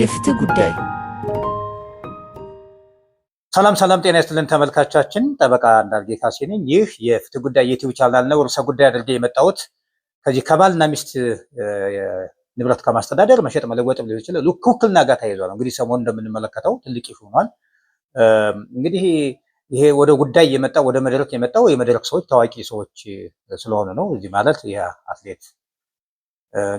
የፍትህ ጉዳይ። ሰላም ሰላም፣ ጤና ይስጥልን ተመልካቻችን፣ ጠበቃ አንዳርጌ ካሴ ነኝ። ይህ የፍትህ ጉዳይ ዩቲዩብ ቻናል ነው። ርዕሰ ጉዳይ አድርጌ የመጣሁት ከዚህ ከባልና ሚስት ንብረት ከማስተዳደር መሸጥ መለወጥ ሊሆን ይችላል ውክልና ጋር ተያይዟል። እንግዲህ ሰሞኑ እንደምንመለከተው ትልቅ ይሆኗል። እንግዲህ ይሄ ወደ ጉዳይ የመጣው ወደ መድረክ የመጣው የመድረክ ሰዎች ታዋቂ ሰዎች ስለሆኑ ነው። እዚህ ማለት ይህ አትሌት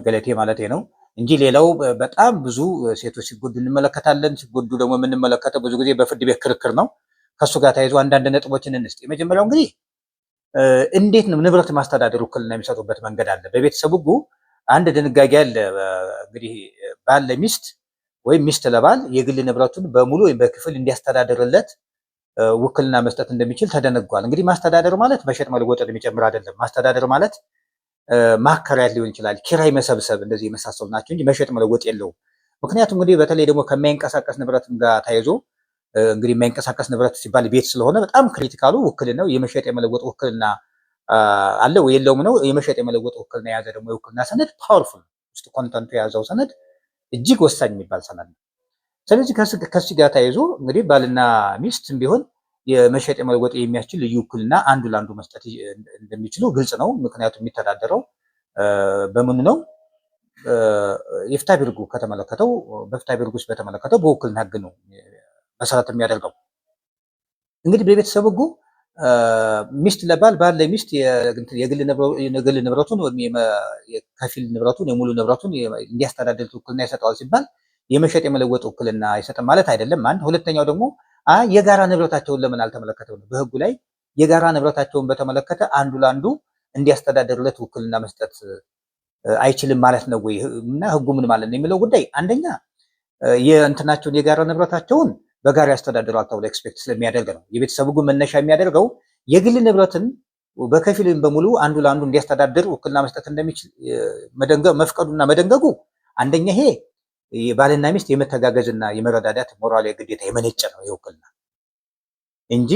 ገለቴ ማለት ነው እንጂ ሌላው በጣም ብዙ ሴቶች ሲጎዱ እንመለከታለን። ሲጎዱ ደግሞ የምንመለከተው ብዙ ጊዜ በፍርድ ቤት ክርክር ነው። ከእሱ ጋር ተያይዞ አንዳንድ ነጥቦችን እንስጥ። የመጀመሪያው እንግዲህ እንዴት ነው ንብረት ማስተዳደር ውክልና የሚሰጡበት መንገድ አለ። በቤተሰብ ሕጉ አንድ ድንጋጌ አለ። እንግዲህ ባል ለሚስት ወይም ሚስት ለባል የግል ንብረቱን በሙሉ ወይም በክፍል እንዲያስተዳድርለት ውክልና መስጠት እንደሚችል ተደነግጓል። እንግዲህ ማስተዳደር ማለት መሸጥ መለወጥን የሚጨምር አይደለም። ማስተዳደር ማለት ማከራየት ሊሆን ይችላል፣ ኪራይ መሰብሰብ፣ እንደዚህ የመሳሰሉ ናቸው እንጂ መሸጥ መለወጥ የለውም። ምክንያቱም እንግዲህ በተለይ ደግሞ ከማይንቀሳቀስ ንብረትም ጋር ተያይዞ እንግዲህ የማይንቀሳቀስ ንብረት ሲባል ቤት ስለሆነ በጣም ክሪቲካሉ ውክልናው የመሸጥ የመለወጥ ውክልና አለው የለውም ነው። የመሸጥ የመለወጥ ውክልና የያዘ ደግሞ የውክልና ሰነድ ፓወርፉል ውስጥ ኮንተንቱ የያዘው ሰነድ እጅግ ወሳኝ የሚባል ሰነድ ነው። ስለዚህ ከዚህ ጋር ተያይዞ እንግዲህ ባልና ሚስትም ቢሆን የመሸጥ የመለወጥ የሚያስችል ልዩ ውክልና አንዱ ለአንዱ መስጠት እንደሚችሉ ግልጽ ነው። ምክንያቱም የሚተዳደረው በምኑ ነው? የፍታ ቢርጉ ከተመለከተው በፍታ ቢርጉ ውስጥ በተመለከተው በውክልና ህግ ነው መሰረት የሚያደርገው። እንግዲህ በቤተሰብ ሕጉ ሚስት ለባል ባል ለሚስት የግል ንብረቱን ወይም የከፊል ንብረቱን የሙሉ ንብረቱን እንዲያስተዳድር ውክልና ይሰጠዋል ሲባል የመሸጥ የመለወጥ ውክልና ይሰጥ ማለት አይደለም። አንድ ሁለተኛው ደግሞ የጋራ ንብረታቸውን ለምን ነው? በህጉ ላይ የጋራ ንብረታቸውን በተመለከተ አንዱ ለአንዱ እንዲያስተዳደርለት ውክልና መስጠት አይችልም ማለት ነው ወይ? እና ህጉ ምን ማለት ነው የሚለው ጉዳይ አንደኛ የእንትናቸውን የጋራ ንብረታቸውን በጋራ ያስተዳድሯል ተብሎ ኤክስፔክት ስለሚያደርግ ነው። የቤተሰብ ህጉ መነሻ የሚያደርገው የግል ንብረትን በከፊልም በሙሉ አንዱ ለአንዱ እንዲያስተዳድር ውክልና መስጠት እንደሚችል መፍቀዱና መደንገጉ አንደኛ ይሄ የባልና ሚስት የመተጋገዝና የመረዳዳት ሞራላዊ ግዴታ የመነጨ ነው የውክልና እንጂ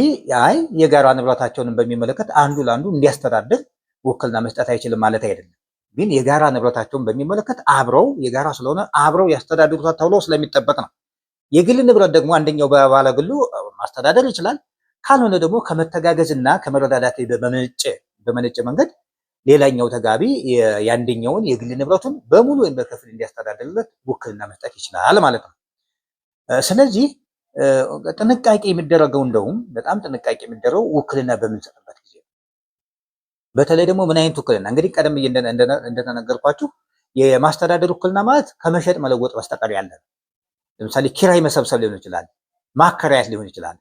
አይ የጋራ ንብረታቸውን በሚመለከት አንዱ ለአንዱ እንዲያስተዳድር ውክልና መስጠት አይችልም ማለት አይደለም። ግን የጋራ ንብረታቸውን በሚመለከት አብረው የጋራ ስለሆነ አብረው ያስተዳድሩታል ተብሎ ስለሚጠበቅ ነው። የግል ንብረት ደግሞ አንደኛው በባለ ግሉ ማስተዳደር ይችላል። ካልሆነ ደግሞ ከመተጋገዝና ከመረዳዳት በመነጨ መንገድ ሌላኛው ተጋቢ የአንደኛውን የግል ንብረቱን በሙሉ ወይም በከፊል እንዲያስተዳድርለት ውክልና መስጠት ይችላል ማለት ነው። ስለዚህ ጥንቃቄ የሚደረገው እንደውም በጣም ጥንቃቄ የሚደረገው ውክልና በምንሰጥበት ጊዜ በተለይ ደግሞ ምን አይነት ውክልና እንግዲህ ቀደም እንደተነገርኳችሁ የማስተዳደር ውክልና ማለት ከመሸጥ መለወጥ በስተቀር ያለ ለምሳሌ ኪራይ መሰብሰብ ሊሆን ይችላል፣ ማከራያት ሊሆን ይችላል።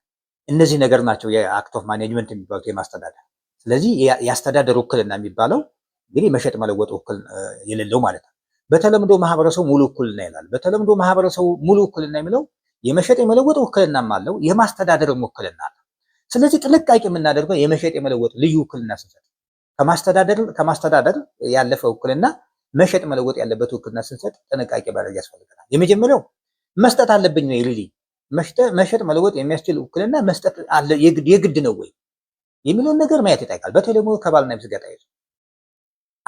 እነዚህ ነገር ናቸው የአክት ኦፍ ማኔጅመንት የሚባሉት የማስተዳደር ስለዚህ የአስተዳደር ውክልና የሚባለው እንግዲህ መሸጥ መለወጥ ውክል የሌለው ማለት ነው። በተለምዶ ማህበረሰቡ ሙሉ ውክልና ይላል። በተለምዶ ማህበረሰቡ ሙሉ ውክልና የሚለው የመሸጥ የመለወጥ ውክልናም አለው፣ የማስተዳደርም ውክልና አለው። ስለዚህ ጥንቃቄ የምናደርገው የመሸጥ የመለወጥ ልዩ ውክልና ስንሰጥ ከማስተዳደር ከማስተዳደር ያለፈ ውክልና መሸጥ መለወጥ ያለበት ውክልና ስንሰጥ ጥንቃቄ ማድረግ ያስፈልገናል። የመጀመሪያው መስጠት አለብኝ ወይ ልልኝ መሸጥ መለወጥ የሚያስችል ውክልና መስጠት የግድ ነው ወይ? የሚለውን ነገር ማየት ይጠይቃል። በተለይ ደግሞ ከባልና ሚስት ጋር ተያይዞ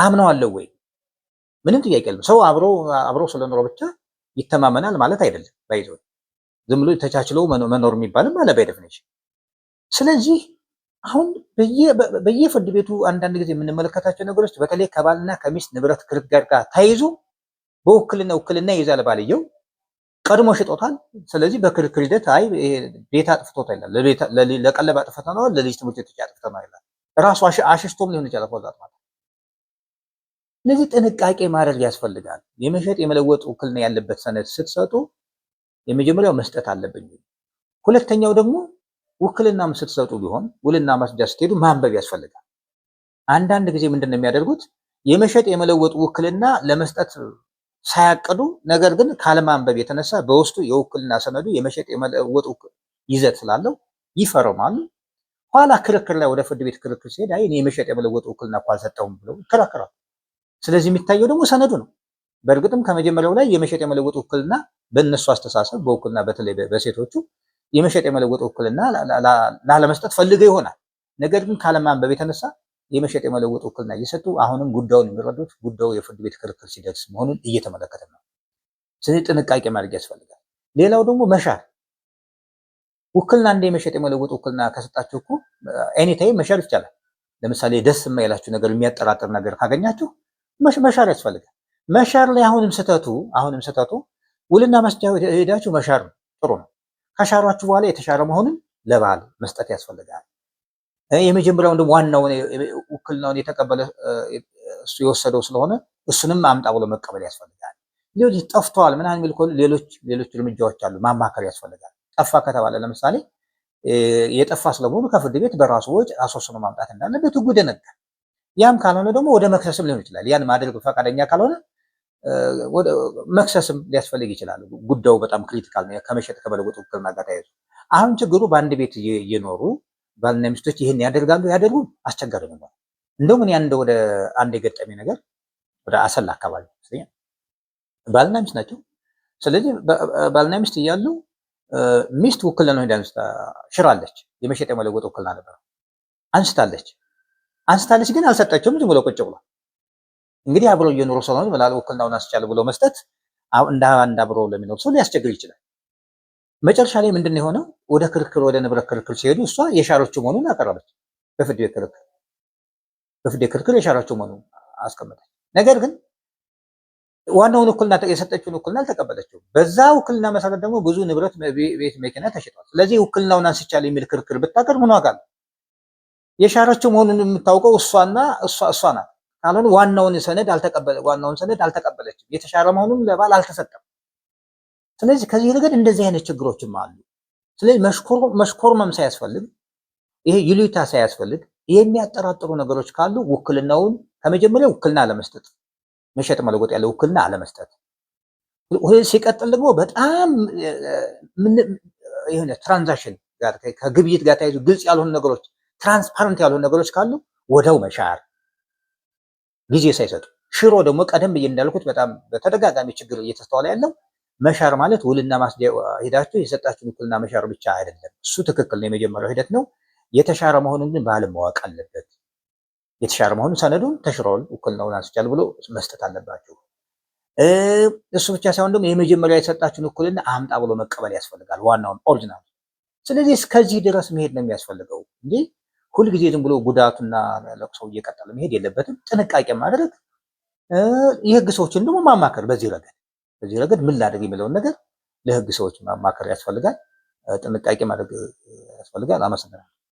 አምነዋለሁ ወይ ምንም ጥያቄ የለም። ሰው አብሮ አብሮ ስለኖረ ብቻ ይተማመናል ማለት አይደለም። ባይዞ ዝም ብሎ ተቻችሎ መኖር የሚባልም አለ ባይ ስለዚህ አሁን በየፍርድ ቤቱ አንዳንድ ጊዜ የምንመለከታቸው ነገሮች በተለይ ከባልና ከሚስት ንብረት ክርክር ጋር ተያይዞ በውክልና ውክልና ይይዛል ባልየው ቀድሞ ሽጦታል። ስለዚህ በክርክር ሂደት አይ ቤት አጥፍቶታ ይላል። ለቀለብ አጥፍተ ነው፣ ለልጅ ትምህርት ቤቶች አጥፍተ ነው ይላል። ራሱ አሽሽቶም ሊሆን ይችላል ፖዛት ማለት። እነዚህ ጥንቃቄ ማድረግ ያስፈልጋል። የመሸጥ የመለወጥ ውክልና ያለበት ሰነድ ስትሰጡ የመጀመሪያው መስጠት አለብኝ። ሁለተኛው ደግሞ ውክልናም ስትሰጡ ቢሆን ውልና ማስጃ ስትሄዱ ማንበብ ያስፈልጋል። አንዳንድ ጊዜ ምንድን ነው የሚያደርጉት የመሸጥ የመለወጥ ውክልና ለመስጠት ሳያቅዱ ነገር ግን ካለማንበብ የተነሳ በውስጡ የውክልና ሰነዱ የመሸጥ የመለወጥ ይዘት ስላለው ይፈርማሉ። ኋላ ክርክር ላይ ወደ ፍርድ ቤት ክርክር ሲሄድ አይ እኔ የመሸጥ የመለወጥ ውክልና እኮ አልሰጠውም ብለው ይከራከራል። ስለዚህ የሚታየው ደግሞ ሰነዱ ነው። በእርግጥም ከመጀመሪያው ላይ የመሸጥ የመለወጥ ውክልና በእነሱ አስተሳሰብ በውክልና በተለይ በሴቶቹ የመሸጥ የመለወጥ ውክልና ላለመስጠት ፈልገ ይሆናል። ነገር ግን ካለማንበብ የተነሳ የመሸጥ የመለወጥ ውክልና እየሰጡ አሁንም ጉዳዩን የሚረዱት ጉዳዩ የፍርድ ቤት ክርክር ሲደርስ መሆኑን እየተመለከተ ነው። ስለዚህ ጥንቃቄ ማድረግ ያስፈልጋል። ሌላው ደግሞ መሻር ውክልና እንደ የመሸጥ የመለወጥ ውክልና ከሰጣችሁ እኮ ኤኒታይም መሻር ይቻላል። ለምሳሌ ደስ የማይላችሁ ነገር፣ የሚያጠራጥር ነገር ካገኛችሁ መሻር ያስፈልጋል። መሻር ላይ አሁንም ስህተቱ አሁንም ስህተቱ ውልና መስጫ ሄዳችሁ መሻር ነው ጥሩ ነው። ከሻሯችሁ በኋላ የተሻረ መሆኑን ለባል መስጠት ያስፈልጋል። የመጀመሪያው ደግሞ ዋናው ውክልናውን የተቀበለ እሱ የወሰደው ስለሆነ እሱንም አምጣ ብሎ መቀበል ያስፈልጋል። ሌሎች ጠፍተዋል ምናምን የሚል ከሆነ ሌሎች ሌሎች እርምጃዎች አሉ፣ ማማከር ያስፈልጋል። ጠፋ ከተባለ ለምሳሌ የጠፋ ስለመሆኑ ከፍርድ ቤት በራሱ ወጪ አስወስኖ ማምጣት እንዳለበት ሕጉ ይደነግጋል። ያም ካልሆነ ደግሞ ወደ መክሰስም ሊሆን ይችላል። ያን ማድረግ ፈቃደኛ ካልሆነ መክሰስም ሊያስፈልግ ይችላል። ጉዳዩ በጣም ክሪቲካል ነው፣ ከመሸጥ ከበለጎጥ ውክልና ጋር ተያይዞ። አሁን ችግሩ በአንድ ቤት እየኖሩ ባልና ሚስቶች ይህን ያደርጋሉ ያደርጉ አስቸጋሪ ነው። እንደውም እኔ አንድ ወደ አንድ የገጠመኝ ነገር ወደ አሰላ አካባቢ ባልና ሚስት ናቸው። ስለዚህ ባልና ሚስት እያሉ ሚስት ውክልና ነው ሄዳ ሽራለች። የመሸጥ የመለወጥ ውክልና ነበር አንስታለች አንስታለች፣ ግን አልሰጠችውም። ዝም ብሎ ቁጭ ብሏል። እንግዲህ አብሮ እየኖሩ ስለሆነ ምናልባት ውክልናውን አስቻለ ብሎ መስጠት እንደ አንድ አብሮ ለሚኖር ሰው ሊያስቸግር ይችላል። መጨረሻ ላይ ምንድን የሆነው? ወደ ክርክር ወደ ንብረት ክርክር ሲሄዱ እሷ የሻረችው መሆኑን አቀረበች። በፍርድ ቤት ክርክር በፍርድ ቤት ክርክር የሻረችው መሆኑን አስቀመጠች። ነገር ግን ዋናውን ውክልና የሰጠችውን ውክልና አልተቀበለችው። በዛ ውክልና መሰረት ደግሞ ብዙ ንብረት፣ ቤት፣ መኪና ተሽጧል። ስለዚህ ውክልናውን አንስቻል የሚል ክርክር ብታቀር ምን ዋጋ አለው? የሻረችው መሆኑን የምታውቀው እሷና እሷ እሷ ናት። ካልሆነ ዋናውን ሰነድ አልተቀበለ ዋናውን ሰነድ አልተቀበለችም። የተሻረ መሆኑን ለባል አልተሰጠም። ስለዚህ ከዚህ ረገድ እንደዚህ አይነት ችግሮችም አሉ። ስለዚህ መሽኮርመም ሳያስፈልግ ይሄ ይሉኝታ ሳያስፈልግ የሚያጠራጥሩ ነገሮች ካሉ ውክልናውን ከመጀመሪያ ውክልና አለመስጠት፣ መሸጥ መለወጥ ያለ ውክልና አለመስጠት። ሲቀጥል ደግሞ በጣም የሆነ ትራንዛክሽን ጋር ከግብይት ጋር ተያይዞ ግልጽ ያልሆኑ ነገሮች፣ ትራንስፓረንት ያልሆኑ ነገሮች ካሉ ወደው መሻር ጊዜ ሳይሰጡ ሽሮ ደግሞ ቀደም ብዬ እንዳልኩት በጣም በተደጋጋሚ ችግር እየተስተዋለ ያለው መሻር ማለት ውልና ማስዲያ ሂዳችሁ የሰጣችሁን ውክልና መሻር ብቻ አይደለም። እሱ ትክክል ነው፣ የመጀመሪያው ሂደት ነው። የተሻረ መሆኑን ግን ማወቅ አለበት። የተሻረ መሆኑን ሰነዱን ተሽሯል፣ እኩልናውን አንስቻል ብሎ መስጠት አለባችሁ። እሱ ብቻ ሳይሆን ደግሞ የመጀመሪያ የሰጣችሁን ውክልና አምጣ ብሎ መቀበል ያስፈልጋል፣ ዋናውን ኦሪጂናል። ስለዚህ እስከዚህ ድረስ መሄድ ነው የሚያስፈልገው እንጂ ሁልጊዜ ዝም ብሎ ጉዳቱና ለቅሶው እየቀጠለ መሄድ የለበትም። ጥንቃቄ ማድረግ የህግ ሰዎችን ደግሞ ማማከር በዚህ ረገድ በዚህ ረገድ ምን ላድርግ የሚለውን ነገር ለህግ ሰዎች ማማከር ያስፈልጋል፣ ጥንቃቄ ማድረግ ያስፈልጋል። አመሰግናለሁ።